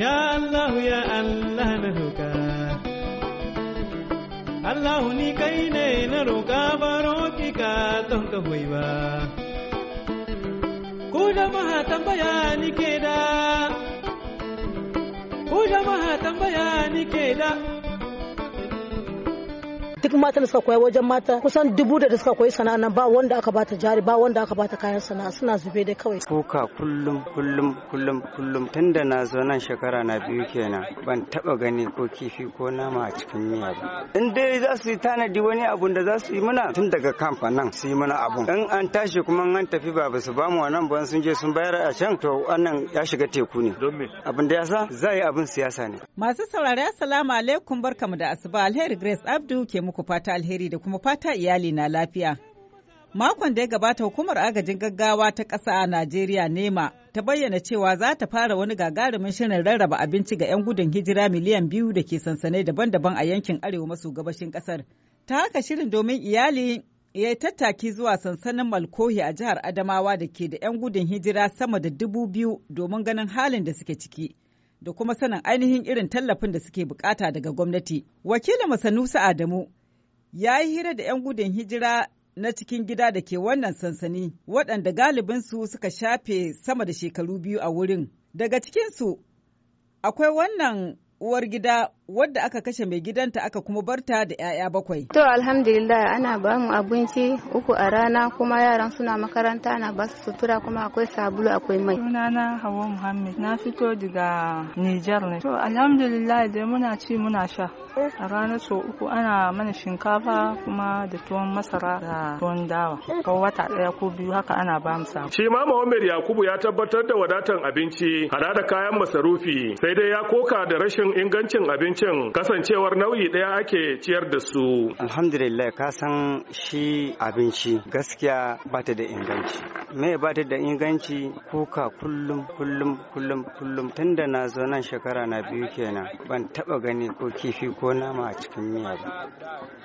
Ya Allah ya Allah na roƙa Allah ni kai na roƙa baro ki ka don ka ba tambaya ni ke da tambaya ni ke da duk matan da suka koya wajen mata kusan dubu da suka koyi sana'a nan ba wanda aka bata jari ba wanda aka bata kayan sana'a suna zube dai kawai kuka kullum kullum kullum kullum tunda na zo nan shekara na biyu kenan ban taba gani ko kifi ko nama a cikin miya ba in dai za su yi tanadi wani abun da za su yi mana tun daga kamfa nan su yi mana abun in an tashi kuma an tafi ba su bamu a nan ba sun je sun bayar a can to wannan ya shiga teku ne abin da ya sa za yi abin siyasa ne masu saurari assalamu alaikum barkamu da asuba alheri grace abdu ke muku fata alheri da kuma fata iyali na lafiya. Makon da ya gabata hukumar agajin gaggawa ta ƙasa a Najeriya nema ta bayyana cewa za ta fara wani gagarumin shirin rarraba abinci ga 'yan gudun hijira miliyan biyu da ke sansanai daban-daban a yankin arewa maso gabashin ƙasar. Ta haka shirin domin iyali ya yi tattaki zuwa sansanin Malkohi a jihar Adamawa da ke da 'yan gudun hijira sama da dubu biyu domin ganin halin da suke ciki. da kuma sanin ainihin irin tallafin da suke bukata daga gwamnati. Wakilin masanusa Adamu ya yi hira da 'yan gudun hijira na cikin gida da ke wannan sansani waɗanda galibinsu suka shafe sama da shekaru biyu a wurin. Daga cikinsu akwai wannan uwar gida wadda aka kashe mai gidanta aka kuma barta da 'ya'ya bakwai. To alhamdulillah ana ba mu abinci uku a rana kuma yaran suna makaranta ana ba su sutura kuma akwai sabulu akwai mai. na Hauwa Muhammad na fito daga Nijar ne. To alhamdulillah dai muna ci muna sha. A rana so uku ana mana shinkafa kuma da tuwon masara da tuwon dawa. Ko wata ɗaya ko biyu haka ana ba mu sabulu. Shi ma Muhammad Yakubu ya tabbatar da wadatar abinci hada da kayan masarufi sai dai ya koka da rashin ingancin abinci Cin kasancewar nauyi ɗaya ake ciyar da su alhamdulillah ka san shi abinci gaskiya bata da inganci mai ba ta da inganci kuka kullum kullum kullum kullum tun da na zo nan shekara na biyu kenan ban taba gani ko kifi ko nama a cikin miya ba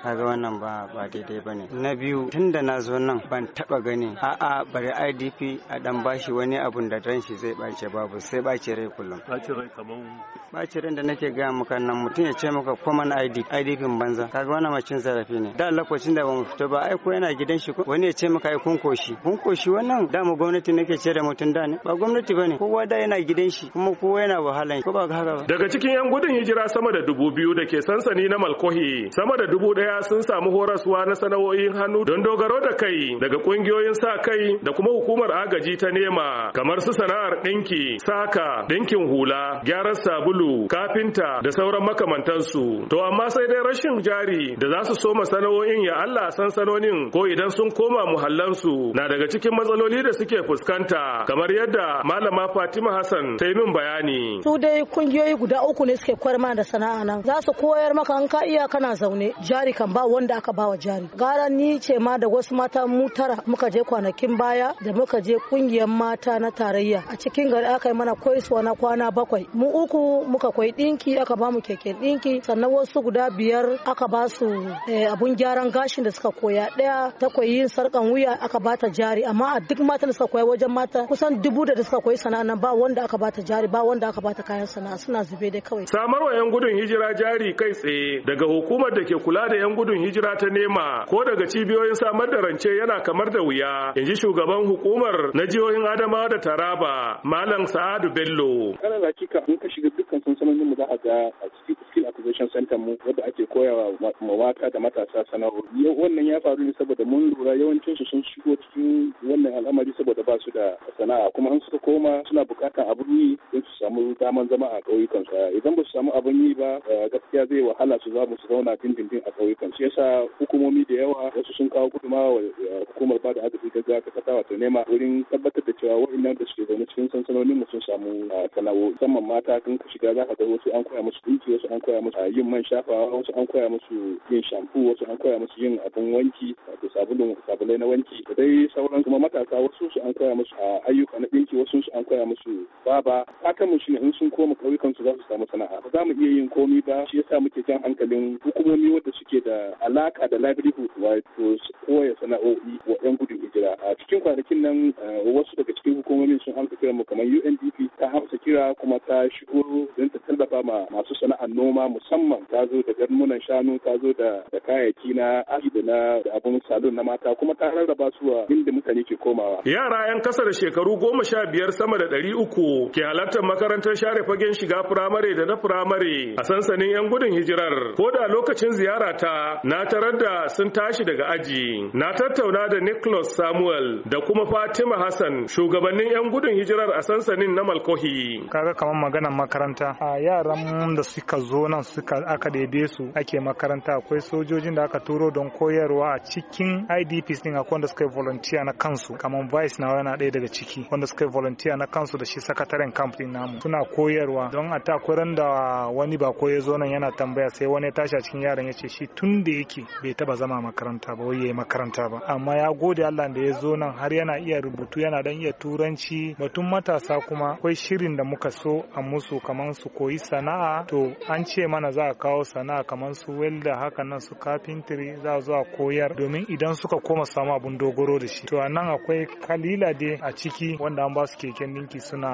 kaga wannan ba ba daidai bane na biyu tun da na zo nan ban taba gani a'a bari IDP a dan bashi wani abun da ran shi zai bace babu sai bace rai kullum bace rai kaman bace rai da nake ga maka nan mutum ya ce maka common ID IDP banza kaga wannan macin zarafi ne da lokacin da mu fito ba ai ko yana gidan shi wani ya ce maka ai kun koshi kun koshi wannan nan dama gwamnati nake ce da mutum da ne ba gwamnati ba ne kowa da yana gidan shi kuma kowa yana wahala ko ba haka ba daga cikin yan gudun hijira sama da dubu biyu da ke sansani na malkohi sama da dubu daya sun samu horaswa na sana'o'in hannu don dogaro da kai daga kungiyoyin sa kai da kuma hukumar agaji ta nema kamar su sana'ar ɗinki saka ɗinkin hula gyaran sabulu kafinta da sauran makamantansu to amma sai dai rashin jari da za su soma sana'o'in ya Allah sansanonin ko idan sun koma muhallansu na daga cikin matsalolin matsaloli da suke fuskanta kamar yadda malama Fatima Hassan ta yi min bayani. Su dai kungiyoyi guda uku ne suke koyar mana da sana'a nan. Za su koyar maka an ka iya kana zaune jari kan ba wanda aka ba wa jari. Gara ni ce ma da wasu mata mu tara muka je kwanakin baya da muka je kungiyar mata na tarayya a cikin gari aka yi mana su na kwana bakwai. Mu uku muka koyi dinki aka ba mu keken dinki sannan wasu guda biyar aka ba su eh, abun gyaran gashin da suka koya ɗaya ta koyi yin sarkan wuya aka ba ta jari amma a duk duk matan da suka koya wajen mata kusan dubu da suka koyi sana'a nan ba wanda aka bata jari ba wanda aka bata kayan sana'a suna zube dai kawai samar wa yan gudun hijira jari kai tsaye daga hukumar da ke kula da yan gudun hijira ta nema ko daga cibiyoyin samar da rance yana kamar da wuya yanzu shugaban hukumar na jihohin adamawa da taraba malam sa'adu bello kana hakika in ka shiga dukkan sansanonin mu za a ga a cikin skill acquisition center mu wadda ake koyawa mawaka da matasa sana'o'i wannan ya faru ne saboda mun lura yawancin su sun shigo cikin wannan al'amari saboda ba su da sana'a kuma in suka koma suna bukatan abun yi don su samu daman zama a su idan ba su samu abun yi ba eh, gaskiya zai wahala su zamu su zauna dindindin a ƙauyukan shi yasa hukumomi da yawa wasu sun kawo gudunmawa eh, hukumar ba da agaji ta ta kasa wato nema wurin tabbatar da cewa waɗannan da suke zaune cikin sansanonin sun samu eh, sana'o musamman mata tun ka shiga za ka ga wasu an koya musu dinki wasu an koya musu yin man shafawa wasu an koya musu yin shampoo wasu an koya musu yin abin wanki wato sabulun sabulai na wanki da dai sauran kuma matasa ka wasu su an koya musu a ah, ayyuka na dinki wasu su an koya musu baba fatan mu shine in sun koma kauyukan su za su samu sana'a ba za mu iya yin komi ba shi yasa muke jan hankalin hukumomi wadda suke da alaka da livelihood wato koya sana'o'i wa 'yan gudun hijira a cikin kwanakin nan eh, wasu daga cikin hukumomin sun amsa kiran mu kamar UNDP ta amsa kira kuma ta shigo don ta tallafa ma masu sana'ar noma musamman ta zo da garmunan shanu ta zo da kayayyaki na ahi da na abun salon na mata kuma ta rarraba su wa inda mutane ke koma Yara 'yan kasa da shekaru goma sha biyar sama da ɗari uku ke halartar makarantar share fagen shiga firamare da na firamare a sansanin 'yan gudun hijirar. Ko da lokacin ziyara ta na tarar da sun tashi daga aji. Na tattauna da Nicholas Samuel da kuma Fatima Hassan shugabannin 'yan gudun hijirar a sansanin na Malkohi. Kaga kamar maganar makaranta a yaran da suka zo nan suka aka daidai su ake makaranta akwai sojojin da aka turo don koyarwa a cikin IDPs din akwai da suka yi volunteer na kansu. kamar vice na yana ɗaya daga ciki wanda suka yi volunteer na kansu da shi sakataren camp din namu suna koyarwa don a takuran da wani ba ko ya nan yana tambaya sai wani ya tashi a cikin yaran ya ce shi tun da yake bai taba zama makaranta ba wai yayi makaranta ba amma ya gode Allah da ya zo nan har yana iya rubutu yana dan iya turanci batun matasa kuma akwai shirin da muka so a musu kamar su koyi sana'a to an ce mana za a kawo sana'a kamar su welda haka nan su carpentry za a zo a koyar domin idan suka koma samu abun dogoro da shi to a nan akwai akwai kalila dai a ciki wanda an ba su keken dinki suna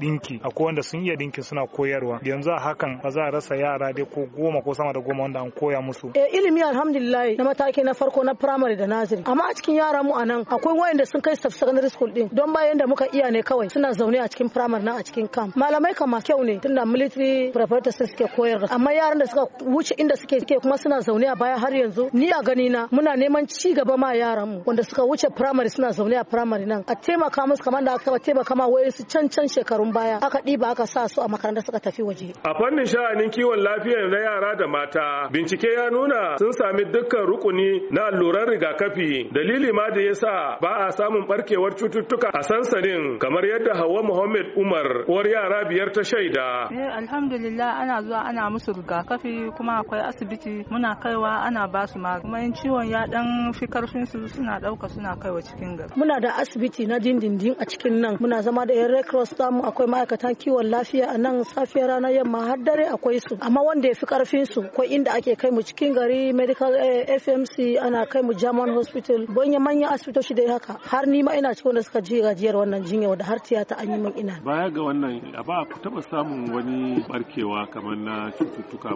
dinki akwai wanda sun iya dinki suna koyarwa yanzu a hakan ba za a rasa yara dai ko goma ko sama da goma wanda an koya musu eh ilimi alhamdulillah na mataki na farko na primary da nursery amma a cikin yara mu anan akwai wayanda sun kai sub secondary school din don bayan da muka iya ne kawai suna zaune a cikin primary na a cikin camp malamai kama kyau ne tunda military preparatory suke koyar amma yaran da suka wuce inda suke suke kuma suna zaune a baya har yanzu ni a gani na muna neman ci gaba ma yaran mu wanda suka wuce primary suna zaune a firamare nan a taimaka musu kamar da aka taimaka ma wayoyi su can can shekarun baya aka ɗiba aka sa su a makarantar suka tafi waje. A fannin sha'anin kiwon lafiya na yara da mata bincike ya nuna sun sami dukkan rukuni na alluran rigakafi dalili ma da yasa ba a samun barkewar cututtuka a sansanin kamar yadda hawa Muhammad Umar uwar yara biyar ta shaida. Eh, alhamdulillah ana zuwa ana musu rigakafi kuma akwai asibiti muna kaiwa ana basu su magani kuma ciwon ya dan fi karfin su suna dauka suna kaiwa cikin cikin muna da asibiti na dindindin a cikin nan muna zama da yan cross samu akwai ma'aikatan kiwon lafiya a nan safiya rana yamma har dare akwai su amma wanda ya fi karfin su akwai inda ake kai mu cikin gari medical eh, fmc ana kai mu german hospital banya manyan asibitoci dai haka har ni ma ina cikin wanda suka ji gajiyar wannan jinya wanda har tiyata an yi min ina baya ga wannan ba ku taba samun wani barkewa kamar na cututtuka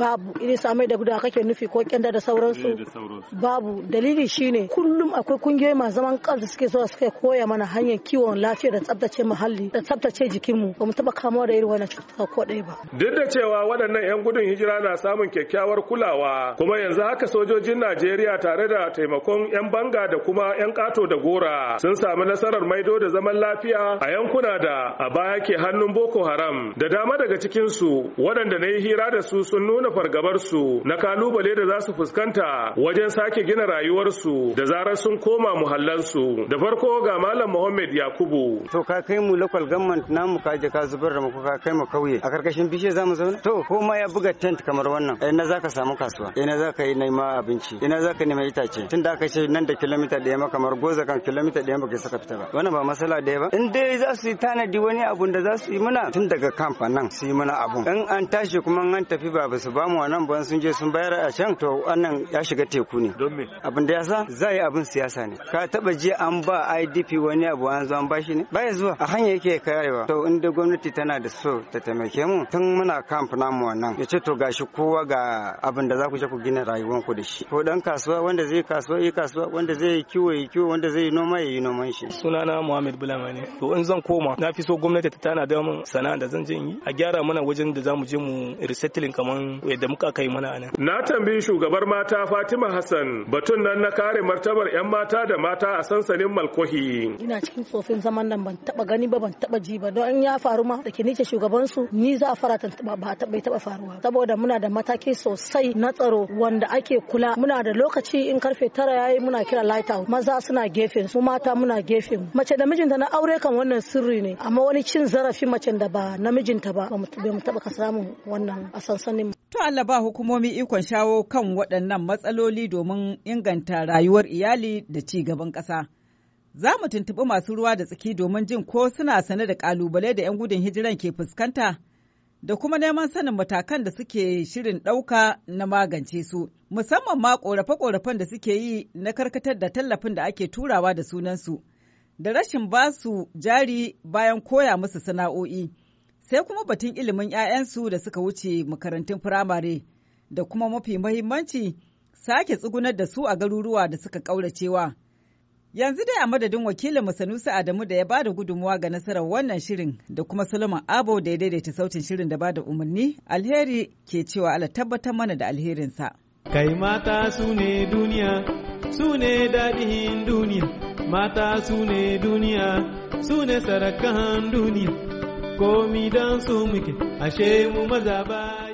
babu ini samai da guda kake nufi ko kenda eh, da sauransu babu dalili shine kullum akwai kungiyoyi masu zaman kansu suke zuwa suke koya mana hanyar kiwon lafiya da tsabtace muhalli da tsabtace jikinmu ba mu taba kamuwa da irin wannan cutuka ko ɗaya ba. Duk da cewa waɗannan 'yan gudun hijira na samun kyakkyawar kulawa kuma yanzu haka sojojin Najeriya tare da taimakon 'yan banga da kuma 'yan ƙato da gora sun samu nasarar maido da zaman lafiya a yankuna da a baya ke hannun Boko Haram da dama daga cikinsu waɗanda na yi hira da su sun nuna fargabarsu na kalubale da za su fuskanta wajen sake gina rayuwarsu da zarar sun koma muhallin kallonsu da farko ga malam muhammad yakubu to ka kai mu local government namu ka je ka zubar da mu ka kai mu kauye a karkashin bishe za mu zauna to ko ma ya buga tent kamar wannan eh, ina na zaka samu kasuwa ina na zaka yi nema abinci ina na zaka nema itace tun da aka ce nan da kilomita da yamma kamar goza kan kilomita ɗaya baka saka fita ba wannan ba masala da ba in dai za su yi tanadi wani abu da za su yi muna tun daga kamfa nan su yi muna abun in an tashi kuma an tafi ba ba su mu nan ba sun je sun bayar a can to wannan ya shiga teku ne don me abin da yasa za yi abin siyasa ne ka taba je an ba IDP wani abu an zo an bashi ne baya zuwa a hanya yake karewa to inda gwamnati tana da so ta taimake mu tun muna kamp namu wannan ya ce to gashi kowa ga abin da za ku je ku gina rayuwar ku da shi ko dan kasuwa wanda zai kasuwa yi kasuwa wanda zai yi kiwo yi kiwo wanda zai yi noma yi noman shi sunana Muhammad Bulama ne to in zan koma na fi so gwamnati ta tana da mun sana'a da zan je yi a gyara mana wajen da zamu je mu resettling kaman yadda muka kai mana anan na tambayi shugabar mata Fatima Hassan batun nan na kare martabar yan mata da mata a sansanin Malkohi. Ina cikin tsofin zaman nan ban taba gani ba ban taba ji ba don in ya faru ma da ke nice shugaban su ni za a fara ta ba taba taba faruwa saboda muna da mataki sosai na tsaro wanda ake kula muna da lokaci in karfe tara yayi muna kira light out maza suna gefen su mata muna gefen mace da mijinta na aure kan wannan sirri ne amma wani cin zarafi mace da ba namijinta ba ba mu taba ka samu wannan a sansanin To Allah ba hukumomi ikon shawo kan waɗannan matsaloli domin inganta rayuwar iyali da ci gaban ƙasa. Za mu tuntuɓi masu ruwa da tsaki domin jin ko suna sane da ƙalubale da 'yan gudun hijiran ke fuskanta da kuma neman sanin matakan da suke shirin ɗauka na magance su, musamman ma ƙorafe-ƙorafen da suke yi na karkatar da tallafin da ake turawa da sunansu, da rashin ba su jari bayan koya musu sana'o'i, sai kuma batun ilimin 'ya'yansu da suka wuce makarantun firamare, da kuma mafi mahimmanci sake tsugunar da su a garuruwa da suka ƙauracewa. Yanzu dai a madadin wakilin Sanusi Adamu da ya ba da gudunmuwa ga nasarar wannan shirin da kuma Solomon Abo da ya daidaita sautin shirin da ba da umarni, alheri ke cewa ala tabbatar mana da alherinsa. Kai mata su ne duniya, su ne daɗin duniya, mata su ne duniya, su ne sarakan duniya, komi don su muke, ashe mu maza